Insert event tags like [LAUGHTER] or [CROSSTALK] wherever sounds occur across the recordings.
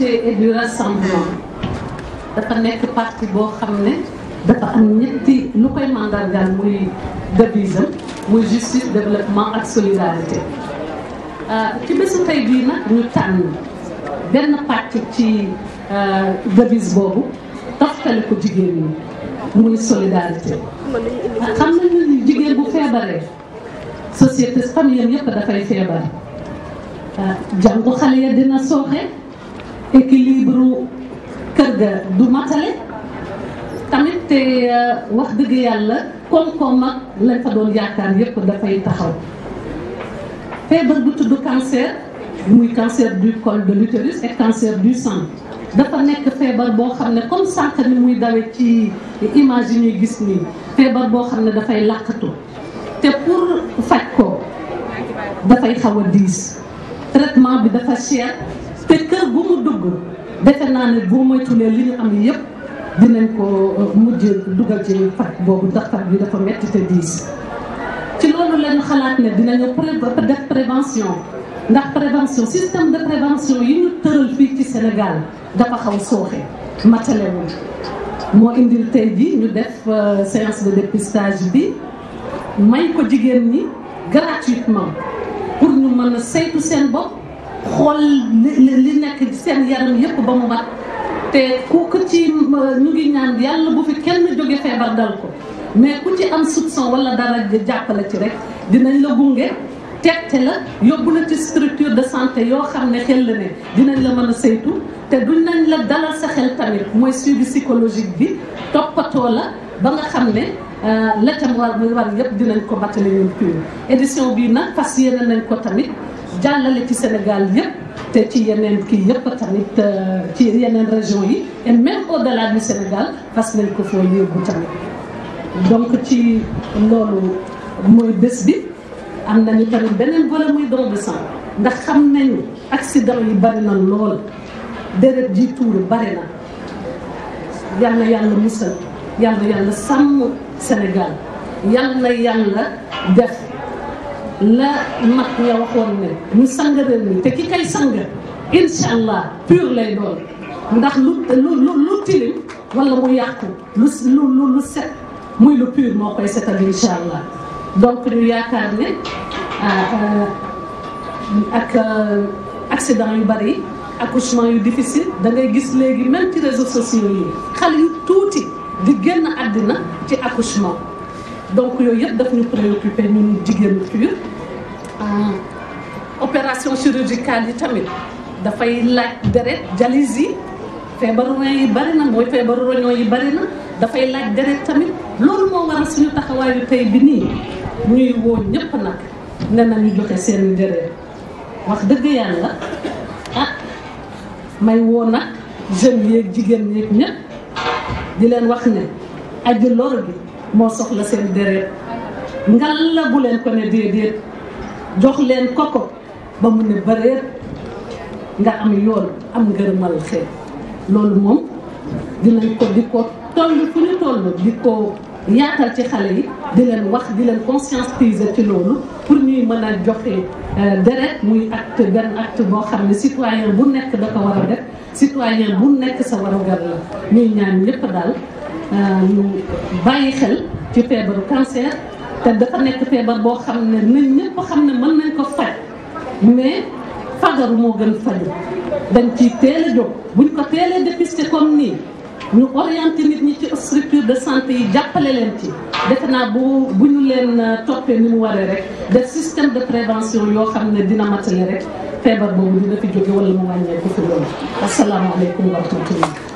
unité et du rassemblement dafa nekk parti boo xam ne dafa am ñetti lu koy mandargaal muy devise muy justice développement ak solidarité euh, ci bésu tey bii nag ñu tànn benn pàcc ci euh, devise boobu tax ko jigéen ñi muy solidarité xam nañu ni jigéen bu feebaree société familiale yëpp dafay feebar euh, jàngu xale ya dina sooxe équilibre kër ga du matale tamit te euh, wax dëgg yàlla koom-koom ak lañ fa doon yaakaar yépp dafay taxaw feebar bu tudd cancer muy cancer du col de l'utérus et cancer du sang dafa nekk feebar boo xam ne comme sànq ni muy dawe ci image yi ñuy gis nii feebar boo xam ne dafay làqatu te pour faj ko dafay xaw a diis traitement bi dafa cher bu mu dugg defe naa ne boo moytuwulee li ñu am yëpp dinañ ko euh, mujj dugal ci faj boobu ndax faj bi dafa metti te diis. ci loolu lañu xalaat ne dinañu pré def prévention ndax prévention système de prévention yi ñu tëral fii ci Sénégal dafa xaw sooxe matalewul moo indil tey ji ñu def euh, séance de dépistage bi may ko jigéen ñi gratuitement pour ñu mën a saytu seen bopp. xool li li nekk seen yaram ba mu mat te ku ku ci euh, ñu ngi ñaan yàlla bu fi kenn jóge feebar dal ko mais ku ci am soupçon wala dara jàppale ci rek dinañ la gunge tegte la yóbbu la ci structure de santé yoo xam ne xel la dinañ la mën a saytu te duñ nañ la dalal sa xel tamit mooy suivi psychologique bi toppatoo la ba nga xam ne euh, la tam war war yépp dinañ ko battale ñun kii édition bii nag fas yéene nañ ko tamit jàllale ci Sénégal yëpp te ci yeneen kii yëpp tamit euh, ci yeneen région yi et même au delà du Sénégal fas nañ ko foo yóbbu tamit donc ci loolu mooy bés bi am nañu tamit beneen volet muy don de sang ndax ak nañu accident yi bari na lool deret ji tuuru bari na yal na yàlla musal yal na yàlla sàmm Sénégal yal na yàlla def la mag ya waxoon ne ñu sang réew mi te ki kay sang incha allah pur lay doon ndax lu lu lu tilim wala mu yàqu lu lu lu set muy lu pur moo koy setal incha allah donc ñu yaakaar ne ah, euh, ak euh, accident yu bari accouchement yu difficile da ngay gis léegi même ci réseaux sociaux yi xale yu tuuti di génn àddina ci accouchement donc yooyu yëpp daf ñu préoccupé ñun jigéenu Pur ah. opération chirurgicale yi tamit dafay laaj deret dialyse yi feebaru rein yi bari na mooy feebaru roñoo yi bari na dafay laaj deret tamit loolu moo waral suñu taxawaayu tey bi nii ñuy woo ñëpp nag ne ñu joxe seen deret wax dëgg yàlla ah may woo nag jeunes yeeg jigéen yeeg ñëpp di leen wax ne aji lor bi moo soxla seen deret ngal bu leen ko ne déedéet jox leen koko ba mu ne bëreet nga am yoon am ngërëmal xeet loolu moom dinañ ko di ko toll fu ñu toll di ko yaatal ci xale yi di leen wax di leen conscientiser ci loolu pour ñuy mën a joxe euh, deret muy acte benn acte boo xam ne citoyen bu nekk da ko war a def citoyen bu nekk sa warugar la ñuy ñaan ñëpp daal ñu euh, bàyyi xel ci feebaru cancer te dafa nekk feebar boo xam ne nañ ñëpp xam ne mën nañ ko faj mais fagaru moo gën faj dañ ci teel a bu buñ ko teel a dépister comme nii ñu orienté nit ñi ci structure de santé yi jàppale leen ci defe naa bu bu ñu leen euh, toppee ni mu waree rek def système de prévention yoo xam ne dina matale rek feebar boobu dina fi jóge wala mu wàññeeku fi loolu asalaamaaleykum wa rahmatullah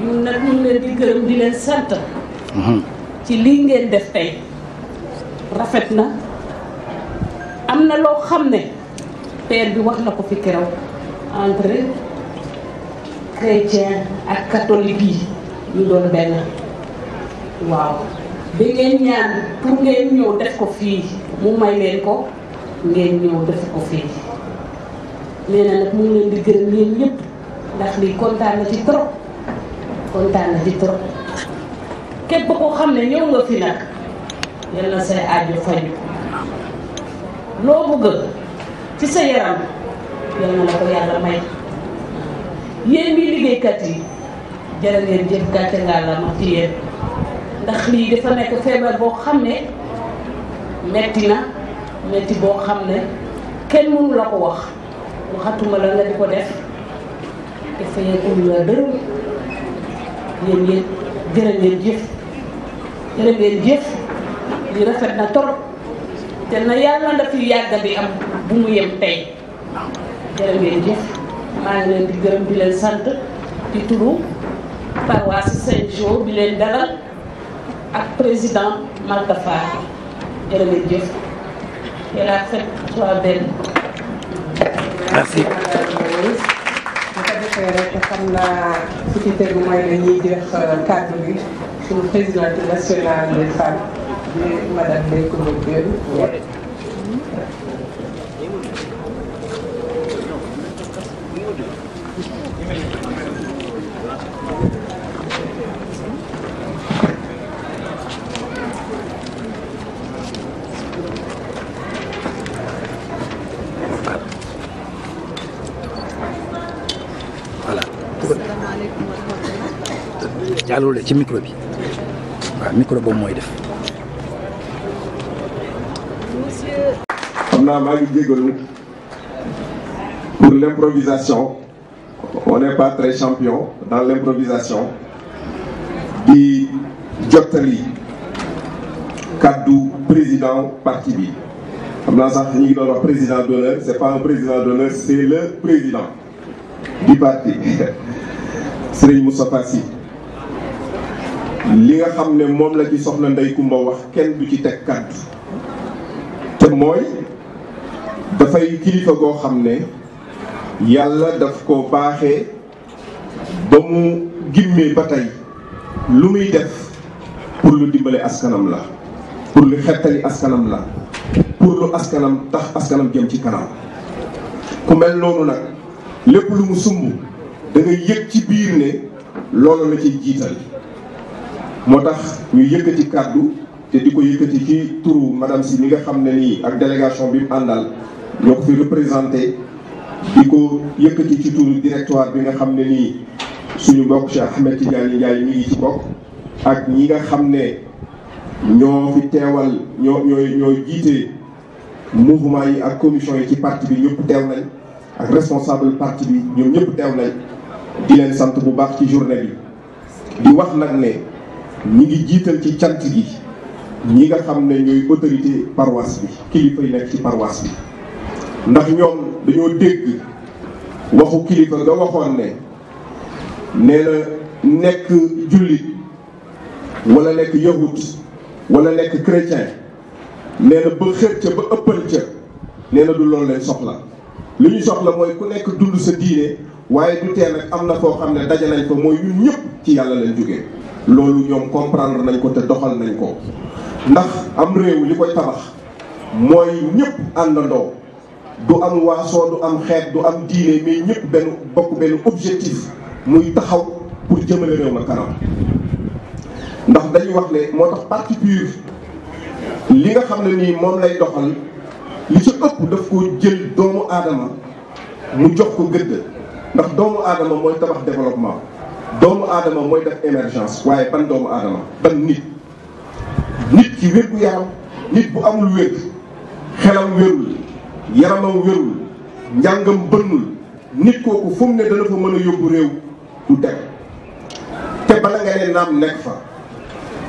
ñun nag ñu leen di gërëm di leen sant. Mhm. ci lii ngeen def tey rafet na am na loo xam ne père bi wax na ko fi keroog entre chrétien ak catholique yi ñu doon benn waaw bi ngeen ñaan pour ngeen ñëw def ko fii mu may leen ko ngeen ñëw def ko fii nee na nag mu ngi leen di gërëm yéen ñëpp ndax lii kontaan na ci trop kontaan na di trop képp ko xam ne ñëw nga fi nag yal na say aajo faju loo bëgg ci sa yaram yal na la ko yàlla may yéen liggéeykat yi jërë ngeen jëf gàcce ngaa la ma ci ndax lii dafa nekk feebar boo xam ne metti na metti boo xam ne kenn mënu ko wax waxatuma la nga di ko def te fayeeku la dërëm yéen yéen jërë ngeen jëf jërë jëf li rafet na torop te na yàlla na fi yàgg bi am bu mu yem tey jërë jëf maa ngi leen di gërëm di leen sant di turu paroisse saint bi leen dalal ak président Malka Faye jërë jëf et la fête soit belle. Merci. waxee rek xam naa su ci tegu mooy dañuy def euh, kàddu jàllule ci micro bi waaw micro boobu mooy def. xam naa maa ngi jégalu pour l'improvisation on n'est pas très champion dans l'improvisation di jottali kaddu président parti bi xam naa sax ñu ngi doon wax président d'honneur c'est pas un président d'honneur c'est le président du parti [LAUGHS] Serigne Moustapha Sy li nga xam ne moom la ci soxna Ndeye Coumba wax kenn du ci teg kàddu te mooy dafay kilifa goo xam ne yàlla daf ko baaxe ba mu gimmee ba tey lu muy def pour lu dimbali askanam la pour lu xettali askanam la pour lu askanam tax askanam jëm ci kanam ku mel noonu nag lépp lu mu sumb da yëg ci biir ne loolu la ci jiital moo tax ñu yëkkati kàddu te di ko yëkkati ci turu madame si mi nga xam ne nii ak délégation bi mu àndal ñoo ko fi représenté di ko yëkkati ci turu directoire bi nga xam ne nii suñu mbokk Cheikh Ahmed Tidiane Ndiaye mi ngi ci bokk ak ñi nga xam ne ñoo fi teewal ñoo ñooy ñooy jiite mouvement yi ak commission yi ci parti bi ñëpp teew nañ ak responsable parti bi ñoom ñëpp teew nañ di leen sant bu baax ci journée bi di wax nag ne ñu ngi jiital ci cant gi ñi nga xam ne ñuy autorité paroisse bi kilifa yi nekk ci parwaas bi ndax ñoom dañoo dégg waxu kilifa nga waxoon ne nee na nekk jullit wala lekk yahut wala lekk chrétien nee na ba xër ca ba ëppal ca nee na du loolu leen soxla li ñu soxla mooy ku nekk dund sa diine waaye du tee nag am na koo xam ne daje nañ ko mooy yu ñëpp ci yàlla lañ jógee loolu ñoom comprendre nañ ko te doxal nañ ko ndax am réew li koy tabax mooy ñëpp àndandoo du am waasoo du am xeet du am diine mais ñëpp benn bokk benn objectif muy taxaw pour jëmale réew ma kanam ndax dañuy wax ne moo tax parti pur li nga xam ne nii moom lay doxal li ci ëpp daf ko jël doomu aadama mu jox ko gëdd ndax doomu aadama mooy tabax développement doomu aadama mooy def émergence waaye ban doomu aadama ban nit nit ci wér gu yaram nit bu amul wér xelam wérul yaramam wérul njàngam bënnul nit kooku fu ne dana fa mën a yóbbu réew du teg te bala nga ne naam nekk fa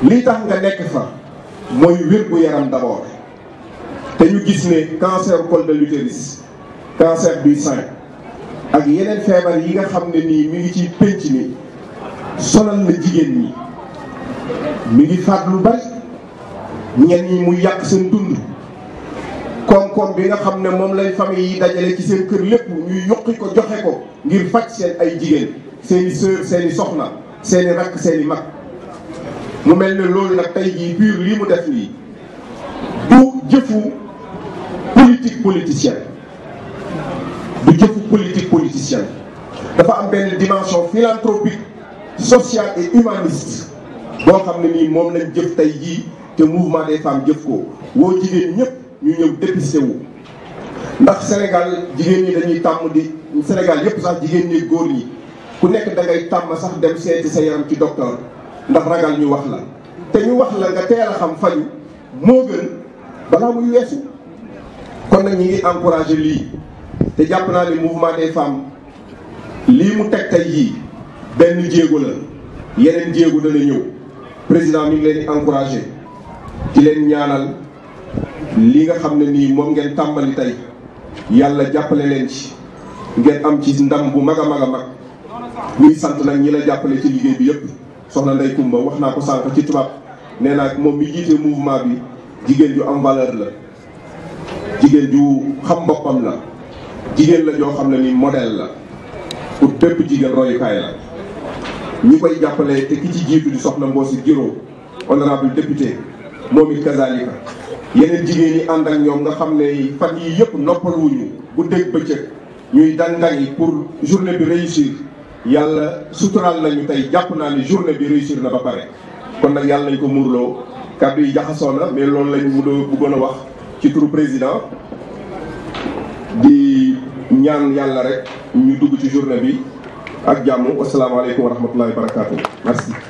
lii tax nga nekk fa mooy wér gu yaram d'abord te ñu gis ne cancer col de l'utérus cancer ak yeneen feebar yi nga xam ne nii mi ngi ci pénc mi solal na jigéen ñi mu ngi faat lu bari ñenn yi muy yàq seen dund koom-koom bi nga xam ne moom lay famille yi dajale ci seen kër lépp ñuy yokki ko joxe ko ngir faj seen ay jigéen seeni sœur seeni soxna seeni rakk seeni mag mu mel ni loolu nag tey jii PUR lii mu def nii du jëfu politique politicienne du jëfu politique politicienne dafa am benn dimension philanthropique sociale et humaniste boo xam ne nii moom lañ jëf tey jii te mouvement des femmes jëf ko woo jigéen ñëpp ñu ñëw dépisté wu ndax Sénégal jigéen ñi dañuy tàmm di Sénégal yëpp sax jigéen ñi góor ñi ku nekk da ngay tàmm sax dem seeti sa yaram ci docteur ndax ragal ñu wax la te ñu wax la nga teel a xam faju moo gën balaa muy weesu kon nag ñu ngi encouragé lii te jàpp naa ne mouvement des lii mu teg tey yii benn jéego la yeneen jéego dana ñëw président mi ngi leen di encouragé di leen ñaanal li nga xam ne nii moom ngeen tàmbali tey yàlla jàppale leen ci ngeen am ci ndam bu mag a mag a mag ñuy sant nag ñi la jàppale ci liggéey bi yëpp soxna Ndey Kumba wax naa ko sànq ci tubaab nee naa moom mi jiite mouvement bi jigéen ju am valeur la jigéen ju xam boppam la jigéen la joo xam ne ni modèle la pour bépp jigéen royukaay la ñi koy jàppale te ki ci jiitu di soxna Mboosi Giro honorable député moom it kazalika yeneen jigéen ñi ànd ak ñoom nga xam ne fan yii yëpp noppaluwuñu bu dégg bëccëg ñuy dang-dangi pour journée bi réussir yàlla suturaal nañu tey jàpp naa ne journée bi réussir na ba pare kon nag yàlla nañ ko muurloo kàddu yi jaxasoo na mais loolu lañ mu doon bëggoon a wax ci turu président di ñaan yàlla rek ñu dugg ci journée bi ak jàmm wasalaamaaleykum wa rahmatullahi wa barakaatu merci